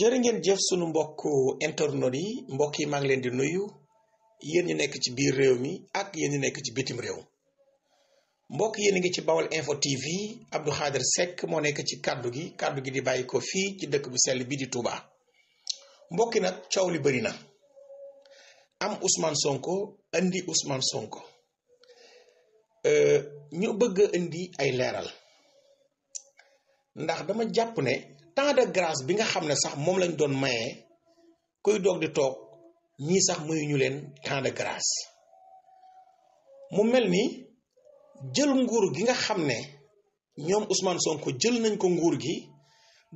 jërë jëf sunu mbokk internet yi mbokk yi maa ngi leen di nuyu yéen ñu nekk ci biir réew mi ak yéen ñu nekk ci bitim réew mbokk yéen a ngi ci Bawal info TV Abdou Khader Seck moo nekk ci kàddu gi kàddu gi di bàyyi ko fii ci dëkk bu sell bi di Touba mbokki nag coow li bari na am Ousmane Sonko indi Ousmane Sonko euh, ñu bëgg a indi ay leeral ndax dama jàpp ne. temps de grâce bi nga xam ne sax moom lañu doon maye kuy doog di toog ñii sax mayuñu leen ten de grâce mu mel ni jël nguur gi nga xam ne ñoom Ousmane sonk jël nañ ko nguur gi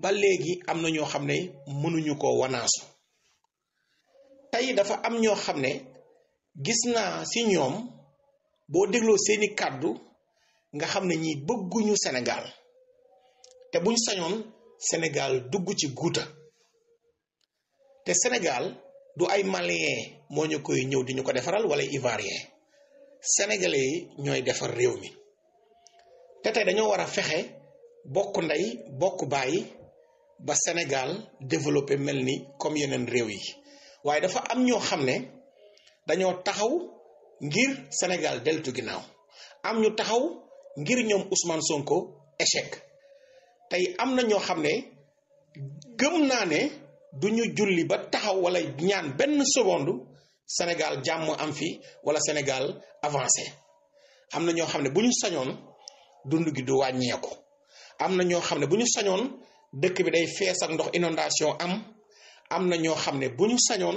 ba léegi am na ñoo xam ne mënuñu ko wanaasu tey dafa am ñoo xam ne gis naa ci ñoom boo dégloo seeni kàddu nga xam ne ñi bëgguñu Sénégal te buñ sañoon Sénégal dugg ci guuta te Sénégal du ay malien moo ñu koy ñëw di ñu ko defaral wala ivoirien sénégalais yi ñooy defar réew mi te tey dañoo war a fexe bokk ndey bokk bàyyi ba Sénégal développé mel ni comme yeneen réew yi waaye dafa am ñoo xam ne dañoo taxaw ngir Sénégal deltu ginnaaw am ñu taxaw ngir ñoom Ousmane Sonko échec tey am na ñoo xam ne gëm naa ne du ñu julli ba taxaw wala ñaan benn seconde Sénégal jàmm am fi wala Sénégal avancé am na ñoo xam ne bu ñu sañoon dund gi du wàññeeku am na ñoo xam ne bu sañoon dëkk bi day fees ak ndox inondation am am na ñoo xam ne bu ñu sañoon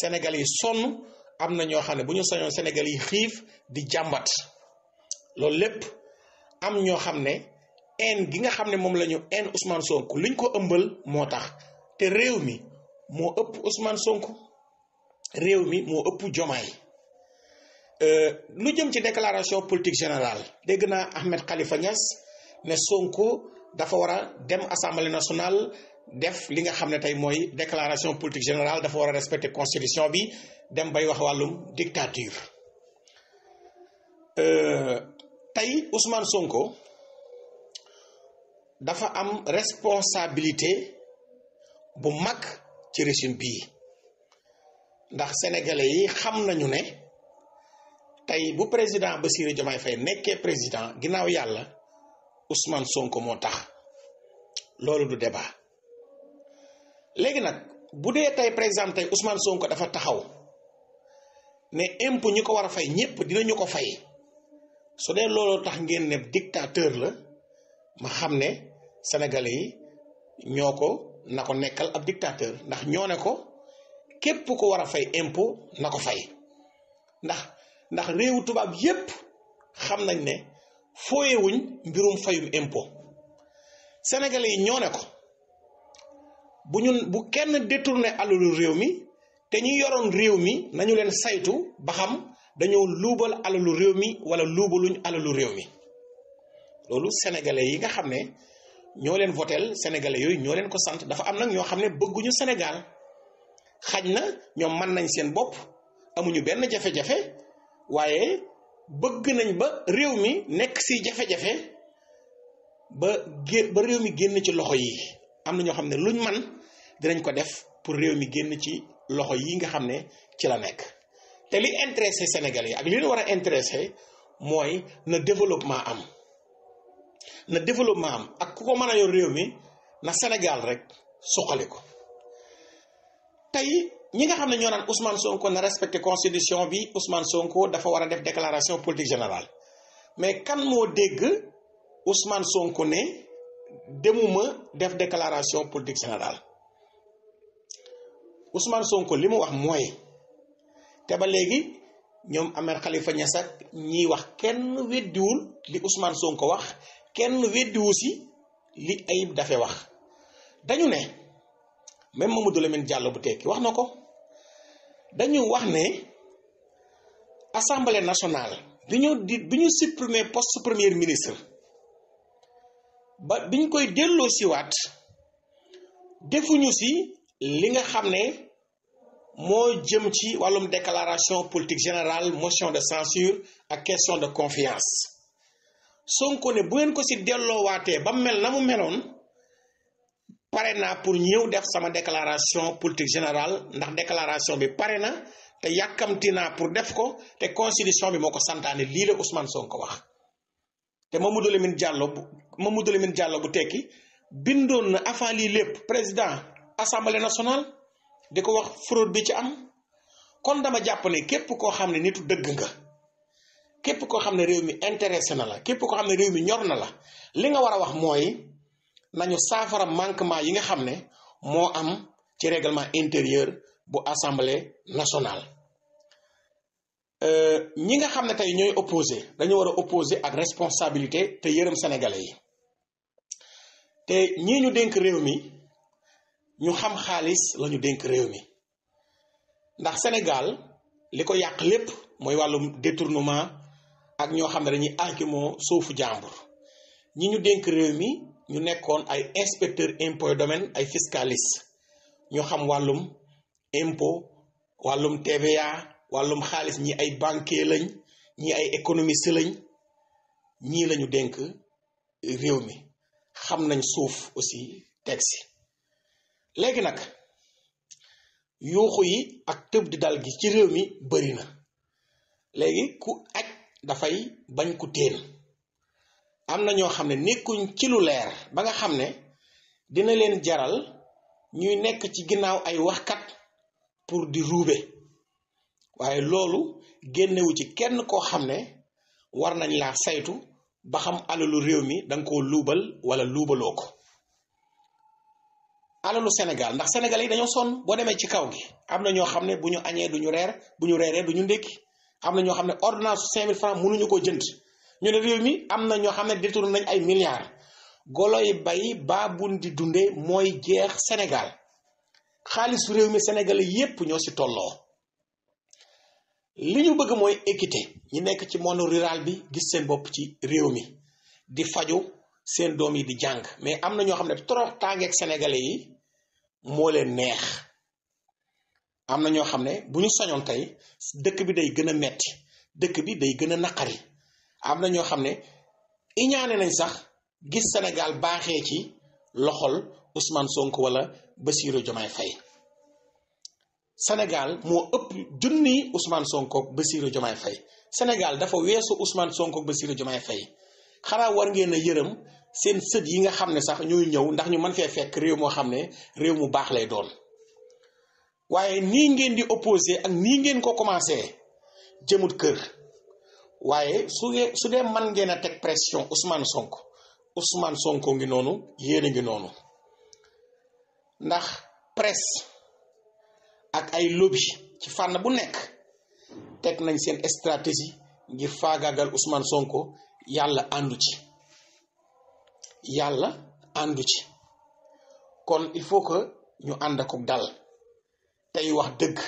Sénégal yi sonn am na ñoo xam ne bu ñu sañoon Sénégal yi xiif di jàmbat loolu lépp am ñoo xam ne. en gi nga xam ne moom la ñu en Ousmane Sonko liñ ko ëmbal moo tax te réew mi moo ëpp Ousmane sonk réew mi moo ëpp Jomaay euh, lu jëm ci déclaration politique général dégg naa Ahmed Khalifa Niass ne Sonko dafa war a dem assemblée nationale def li nga xam ne tey mooy déclaration politique général dafa war a respecter constitution bi dem bay wax wàllum dictature euh, tey Ousmane Sonko. dafa am responsabilité bu mag ci régime bii ndax sénégalais yi xam nañu ne tey bu président ba Bassirou Diomaye Faye nekkee président ginnaaw yàlla Ousmane Sonko moo tax loolu du débat léegi nag bu dee tey par exemple tey Ousmane Sonko dafa taxaw ne impôt ñi ko war a fay ñépp dinañu ko fay su dee loolu tax ngeen ne dictateur la. ma xam ne sénégalais yi ñoo ko na ko nekkal ab dictateur ndax ñoo ne ko képp ku war a fay impo na ko fay ndax ndax réewu tubaab yépp xam nañ ne foyewuñ mbirum fayum impo sénégalais yi ñoo ne ko bu ñu bu kenn détourné alalu réew mi te ñi yoroon réew mi nañu leen saytu ba xam dañoo luubal alalu réew mi wala luubaluñ alalu réew mi loolu sénégalais yi nga xam ne ñoo leen votel sénégalais yooyu ñoo leen ko sant dafa am nag ñoo xam ne bëgguñu Sénégal xaj na ñoom mën nañ seen bopp amuñu benn jafe-jafe waaye bëgg nañ ba réew mi nekk si jafe ba gé ba génn ci loxo yi am na ñoo xam ne luñ man dinañ ko def pour réew mi génn ci loxo yi nga xam ne ci la nekk te li intéressé Sénégalais yi ak li ñu war a intéressé mooy na développement am na développement am ak ku ko mën a yor réew mi na Sénégal rek suqali ko tey ñi nga xam ne ñoo naan Ousmane Sonko na respecté constitution bi Ousmane Sonko dafa war a def déclaration politique générale mais kan moo dégg Ousmane Sonko ne demuma def déclaration politique générale Sonko li mu wax mooy te ba léegi ñoom amee xalifa Niass ak wax kenn weddiwul li Ousmane Sonko wax kenn weddiwu si li Ayib Daffé wax dañu ne même Mamadou Lamine Diallo bu tekki wax na ko dañu wax ne assemblée nationale bi ñu di bi ñu supprimer poste premier ministre ba bi ñu koy delloo siwaat defuñu si li nga xam ne moo jëm ci wàllum déclaration politique générale motion de censure ak question de confiance ko ne bu ngeen ko si delloowaatee ba mel na mu meloon pare naa pour ñëw def sama déclaration politique général ndax déclaration bi pare na te yàkkamti naa pour def ko te constitution bi moo ko santaane lii la Ousmane ko wax te Mamadou Lamine Diallo bu Mamadou Lamine Diallo bu tekki bindoon na avant lii lépp président assemblée nationale di ko wax fraude bi ci am kon dama jàpp ne képp koo xam ne nitu dëgg nga. képp koo xam ne réew mi intéressé na la képp koo xam ne réew mi ñor na la li nga war a wax mooy nañu saafara manquement yi nga xam ne moo am ci réglement intérieur bu assemblée nationale euh, ñi nga xam ne tey ñooy opposé dañu war a opposé ak responsabilité te yërëm sénégalais yi te ñi ñu dénk réew mi ñu xam xaalis la ñu dénk réew mi ndax Sénégal li ko yàq lépp mooy wàllum détournement ak ñoo xam ne dañuy argument suufu jàmbur ñi ñu dénk réew mi ñu nekkoon ay inspecteur impôt domaine ay fiscaliste ñu xam wàllum impo wàllum TVA wàllum xaalis ñi ay banquier lañ ñi ay économiste lañ ñii lañu dénk réew mi xam nañ suuf aussi teg si léegi nag yuuxu yi ak tëb di dal gi ci réew mi barina léegi ku aj dafay bañ ku téen am na ñoo xam ne nekkuñ ci lu leer ba nga xam ne dina leen jaral ñuy nekk ci ginnaaw ay waxkat pour di ruube waaye loolu génnewu ci kenn koo xam ne war nañ laa saytu ba xam alalu réew mi danga ko luubal wala luubaloo ko alalu senegal ndax senegal yi dañoo sonn boo demee ci kaw gi am na ñoo xam ne bu ñu añee du ñu reer bu ñu reeree du ñu ndékki am na ñoo xam ne ordonnance cinq mille francs mënuñu koo jënd ñu ne réew mi am na ñoo xam ne détourné nañ ay milliards golo yi bay bu di dunde mooy jeex Sénégal xaalisu réew mi Sénégal yépp ñoo ci tolloo li ñu bëgg mooy équité ñu nekk ci monde rural bi gis seen bopp ci réew mi di faju seen doom yi di jàng mais am na ñoo xam ne trop tàngeek sénégalais yi moo leen neex am na ñoo xam ne bu ñu sañoon tey dëkk bi day gën a metti dëkk bi day gën a naqari am na ñoo xam ne iñaane nañ sax gis senegal baaxee ci loxol usmaan Sonko wala Bassirou Diomaye Faye senegal moo ëpp junni Ousmane Sonko ak Bassirou Diomaye Faye Sénégal dafa weesu Ousmane Sonko ak Bassirou Diomaye Faye xanaa war ngeen a yërëm seen sët yi nga xam ne sax ñuy ñëw ndax ñu man fee fekk réew moo xam ne réew mu baax lay doon waaye nii ngeen di opposé ak nii ngeen ko commencé jëmut kër waaye su su dee man ngeen a teg pression usman sonk Ousmane Sonko ngi noonu yéen a ngi noonu ndax presse ak ay lobby ci fànn bu nekk teg nañ seen stratégie ngir faagaagal usman Sonko yàlla àndu ci yàlla àndu ci kon il faut que ñu ànd ak dal tey wax dëgg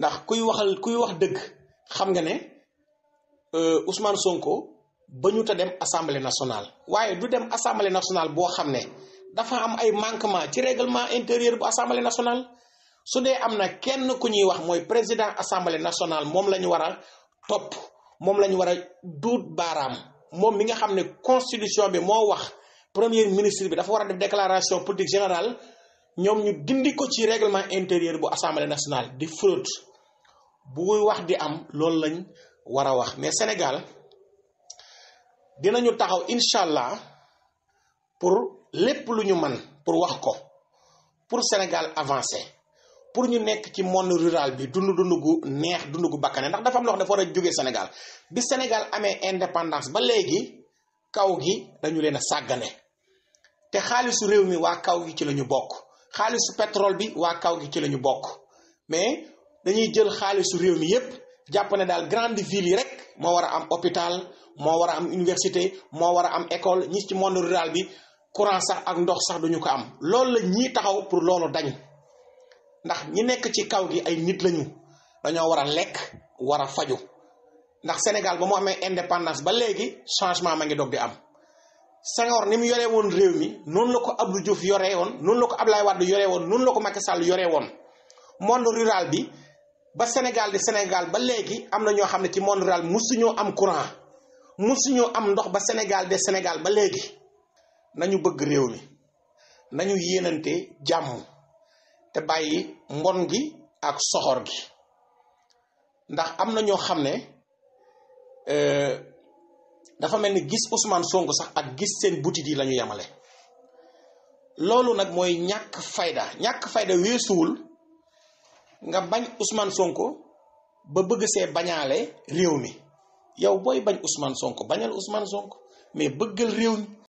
ndax kuy waxal kuy wax dëgg xam nga ne euh, Ousmane Sonko ba ñu ta dem assemblée nationale waaye du dem assemblée nationale boo xam ne dafa am ay manquement ci règlement intérieur bu assemblée nationale su dee am na kenn ku ñuy wax mooy président assemblée nationale moom la ñu war a topp moom la ñu war a duut baaraam moom mi nga xam ne constitution bi moo wax premier ministre bi dafa war a def déclaration politique général ñoom ñu dindi ko ci réglement intérieur bu assemblée nationale di fraude buy wax di am loolu lañ war a wax mais Sénégal ñu taxaw incha allah pour lépp lu ñu man pour wax ko pour Sénégal avancé pour ñu nekk ci monde rural bi dund dund gu neex dund gu bakkane ndax dafa am loo xam dafa war a jógee Sénégal bi Sénégal amee indépendance ba léegi kaw gi dañu leen a sàggane te xaalisu réew mi waa kaw gi ci la ñu bokk xaalisu petrole bi waa kaw gi ci la bokk mais dañuy jël xaalisu réew mi yépp jàpp ne daal grande ville yi rek moo war a am hôpital moo war a am université moo war a am école ñi ci monde rural bi courant sax ak ndox sax duñu ko am loolu la ñii taxaw pour loolu dañ ndax ñi nekk ci kaw gi ay nit lañu dañoo war a lekk war a faju ndax Sénégal ba mu amee indépendance ba léegi changement ma ngi dog di am Senghor ni mu yoree woon réew mi noonu la ko Abdou Diouf yoree woon noonu la ko Ablaye Wade yore woon noonu la ko Macky Sall yoree woon monde rural bi ba Sénégal di Sénégal ba léegi am na ñoo xam ne ci monde rural musuñoo am courant musuñoo am ndox ba Sénégal de Sénégal ba léegi nañu bëgg réew mi nañu yéenante jàmm te bàyyi mbon gi ak soxor gi ndax am na ñoo xam ne. Euh, dafa mel ni gis Ousmane sonk sax ak gis seen boutique yi la ñu yemale loolu nag mooy ñàkk fayda ñàkk fayda weesuwul nga bañ Ousmane Sonko ba bëgg see bañaale réew mi yow booy bañ Ousmane Sonko bañal usman sonk mais bëggal réew mi